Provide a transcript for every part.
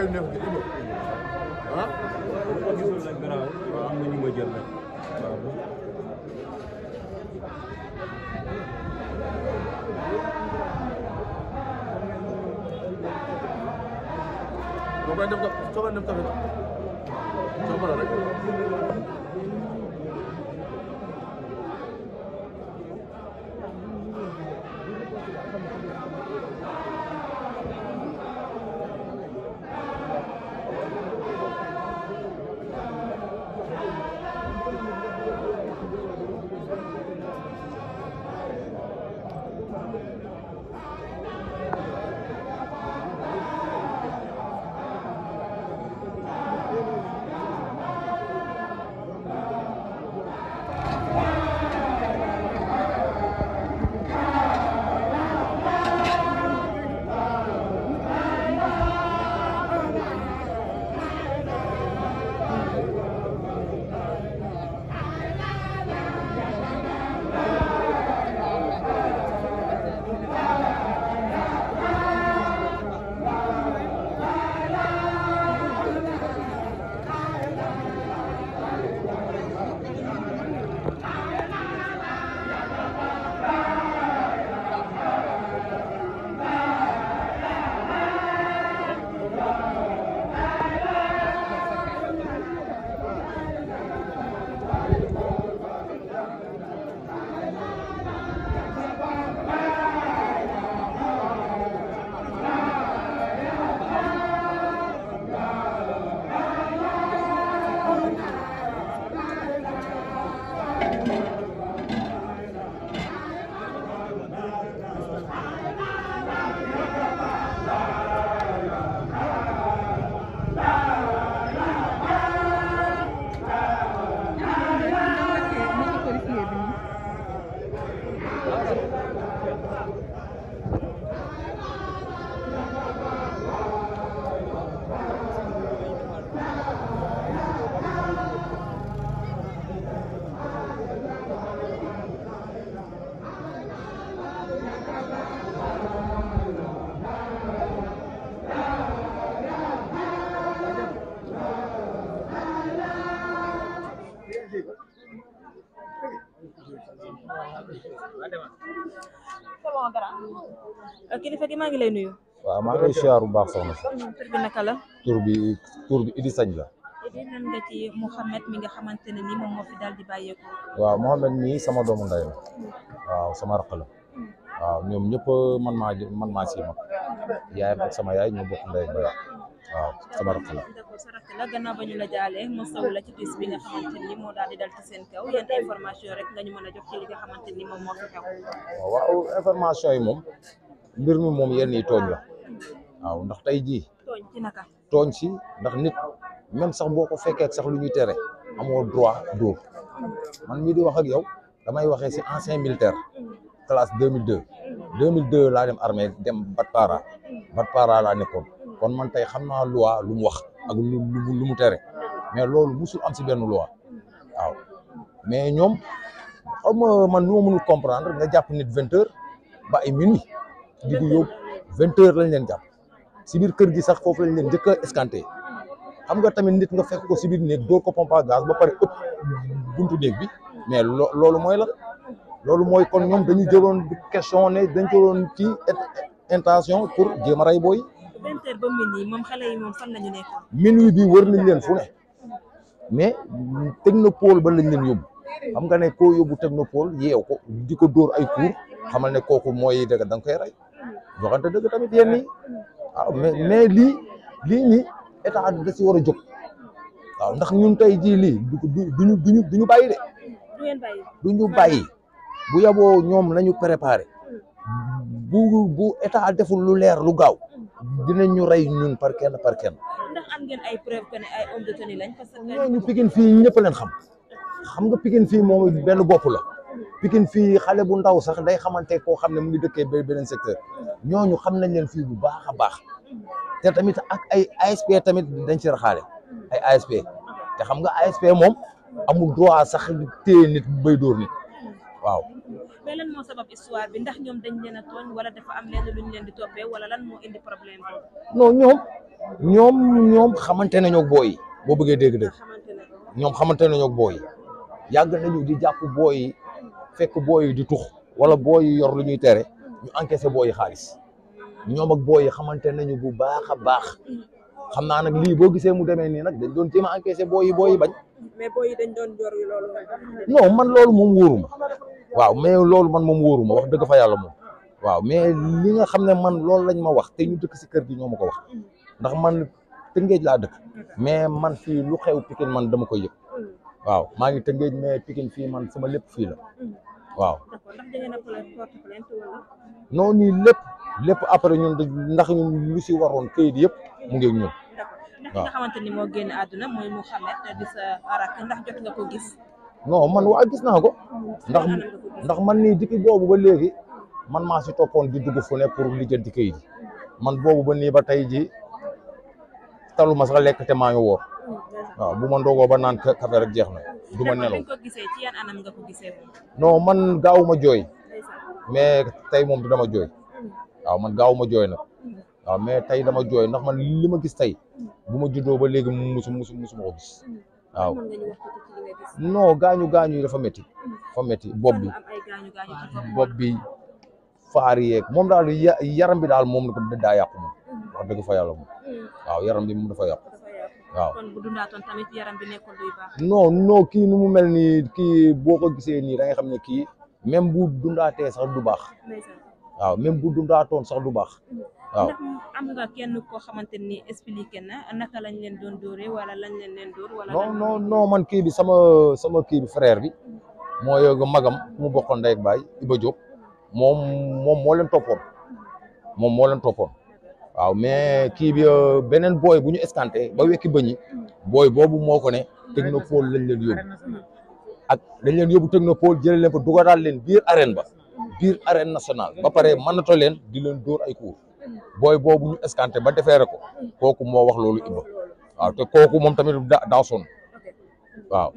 affaire neex bi dugg ah. waaw gisul nag garaaw waaw am na ñu ma jël nag waaw. boo koy def ko soo koy def tamit. Euh, kilifa gi maa ngi lay nuyu. waaw maa ngi siyaar bu baax soxna si. tur bi naka la. tur bi tur bi Idi Sañ la. Idi nan nga ci mi nga xamante ni moom moo fi daal di bàyyeeku. waaw Mouhamed mii sama doomu ndey la. waaw sama rakk hmm. waaw ñoom ñëpp man maa man maa si sama yaay ñoo bokk ndey ba waaw sama rakk la. sa rakk information moom yi moom mbir mi moom yenni yi tooñ la waaw ndax tey jii. tooñ si naka. tooñ ndax nit même sax boo ko fekkee sax lu ñuy tere amoo droit dóor man mii di wax ak yow damay waxee si ancien militaire classe 2002 2002 laa dem armée dem Batpara Batpara laa nekkoon. kon man tey xam naa loi lu mu wax ak lu mu tere mais loolu musul am si benn loi waaw mais ñoom xam man nu ma mënul comprendre nga jàpp nit vingt ba ay minuit di ko yóbbu vingt lañ leen jàpp si biir kër gi sax foofu lañ leen njëkk a xam nga tamit nit nga fekk ko si biir néeg doo ko pompe à ba pare ëpp buntu néeg bi mais loolu mooy la loolu mooy kon ñoom dañu jëloon question ne dañ jëloon ci intention pour jéem a booy vingt heures ba minuit moom bi wër nañ leen fu ne mais technopole ba lañ leen yóbbu xam nga ne koo yóbbu technopole yeew ko di ko dóor ay cours xamal ne kooku mooy dëgg da nga koy rey waxante dëgg tamit yéen ni waaw ah, mais mais lii lii ñi état da si war a jóg waaw ndax ñun tey jii lii du duñu duñu duñu bàyyi de. bàyyi duñu bàyyi bu yaboo ñoom nañu préparé bu bu état deful lu leer lu gaaw. dinañ ñu rey ñun par kenn par kenn. ñooñu Pikine fii ñëpp leen xam xam nga Pikine fii moom benn bopp la Pikine fii xale bu ndaw sax day xamante koo xam ne mu ngi dëkkee benn secteur ñooñu xam nañ leen fii bu baax a baax te tamit ak ay ASP tamit dañ ci raxaale ay ASP te xam nga ASP moom amul droit sax téye nit bay dóor toppee lan moo sabab histoire ñoom a tooñ wala dafa am leen di toppee moo indi ñoom ñoom ñoom xamante nañoo booy boo bëggee dégg dëgg ñoom xamante nañoo booy yi yàgg nañu di jàpp booy fekk booy yi di tux wala booy yor lu ñuy tere ñu encaissé booy yi xaalis ñoom ak booy yi xamante nañu bu baax a baax xam naa nag lii boo gisee mu demee nii nag dañ doon jéem a encaissé booy yi booy yi bañ. mais man loolu moom wóoruma waaw mais loolu man moom wóoru ma wax dëgg fa yàlla moom waaw mais li nga xam ne man loolu lañ ma wax te ñu dëkk si kër gi ñoo ma ko wax ndax man tëngeej laa dëkk mais man fii lu xew Pikine man dama koy yëg waaw maa ngi tëngeej mais Pikine fii man sama lépp fii la waaw non lépp lépp après ñun ndax ñun lu si waroon kayit yëpp mu ngi ñun waaw no man waa gis naa ko ndax ndax man ni depuis boobu ba léegi man maa si toppoon di dugg fu ne pour lijjanti kayit yi man boobu ba nii ba tey ji talu ma sax lekk te maa ngi woor waaw bu ma ndogoo ba naan kafe rek jeex na du ma nelaw no man gaaw ma jooy mais tey moom dama jooy waaw man gaaw ma jooy nag waaw mais tey dama jooy ndax man li ma gis tey bu ma juddoo ba léegi musu musu musu ma gis mm. waaw no gaañu gaañu yi dafa métti dafa métti bopp bi bopp bi faar yeeg moom daal yaram bi daal moom daa yàqu moom wax dëgg fa yàlla waaw yaram bi moom dafa yàqu waaw kon kii nu mu mel nii kii boo ko gisee nii da xam ne kii même bu dundaatee sax du baax waaw même bu dundaatoon sax du baax waaw am nga kenn koo xamante ni expliqué na naka lañ leen doon wala lañ leen leen dóor wala man kii bi sama sama kii bi frère bi moo magam mu bokkoon day ak baay Iba Diop moom moom moo leen toppoon moom moo leen toppoon waaw mais kii bi euh, beneen booy bu ñu escanté ba wekki bëñi boy boobu moo ko ne technopole lañ leen yóbbu ak dañ leen yóbbu technopole jëlee leen fa dugalaat leen biir arène ba bir arène nationale ba pare mënatoo len di len door ay cour boy bobu ñu escanté ba defeere ko koku mo wax lolu Ibba wa te koku mom tamit da son wa waaw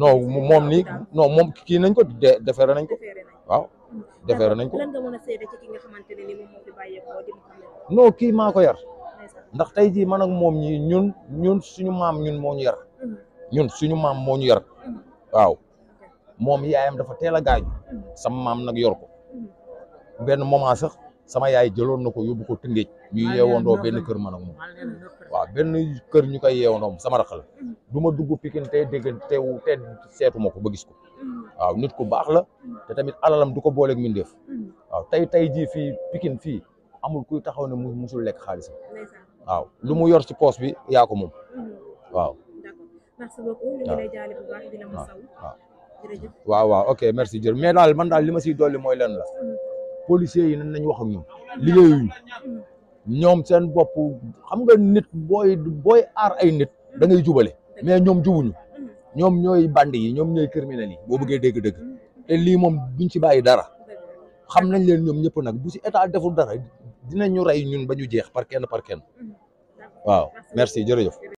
non moom nii non moom kii nañ ko defeere nañ ko wa defeere nañ ko lan nga nga mëna sédé ci ki ni mom mo fi maa ko di ki mako yar ndax tay ji man ak mom ñi ñun ñun suñu mam ñun mo ñu yar mm. ñun suñu mam mo ñu yar mm. waaw moom yaayam dafa teel a gaañu sama maam nag yor ko benn moment sax sama yaay jëloon na ko yóbbu ko tëngéej ñuy yeewandoo benn kër man ak moom waaw benn kër ñu koy yeewandoo sama rax la mm-hmm. du ma dugg pikin tey dégg teewu te seetuma ko ba gis ko mm-hmm. waaw nit ku baax la mm-hmm. te tamit alalam du ko booleek mindeef waaw tey tey jii fii pikin fii amul kuy taxaw ne mu musul lekk xaalisam waaw lu mu yor ci poos bi yaa ko moom waaw. waaw waaw ok merci jër mais daal man daal li ma siy dolli mooy lenn la policiers yi nan nañ wax ak ñoom liggéeyuñu ñoom seen bopp xam nga nit booy booy aar ay nit da jubale mais ñoom jubuñu ñoom ñooy bandi yi ñoom ñooy criminels yi boo bëggee dégg-dégg lii moom duñ ci bàyyi dara xam nañ leen ñoom ñëpp nag bu si état deful dara dinañu rey ñun ba ñu jeex par kenn par kenn mm-hmm. waaw merci jërëjëf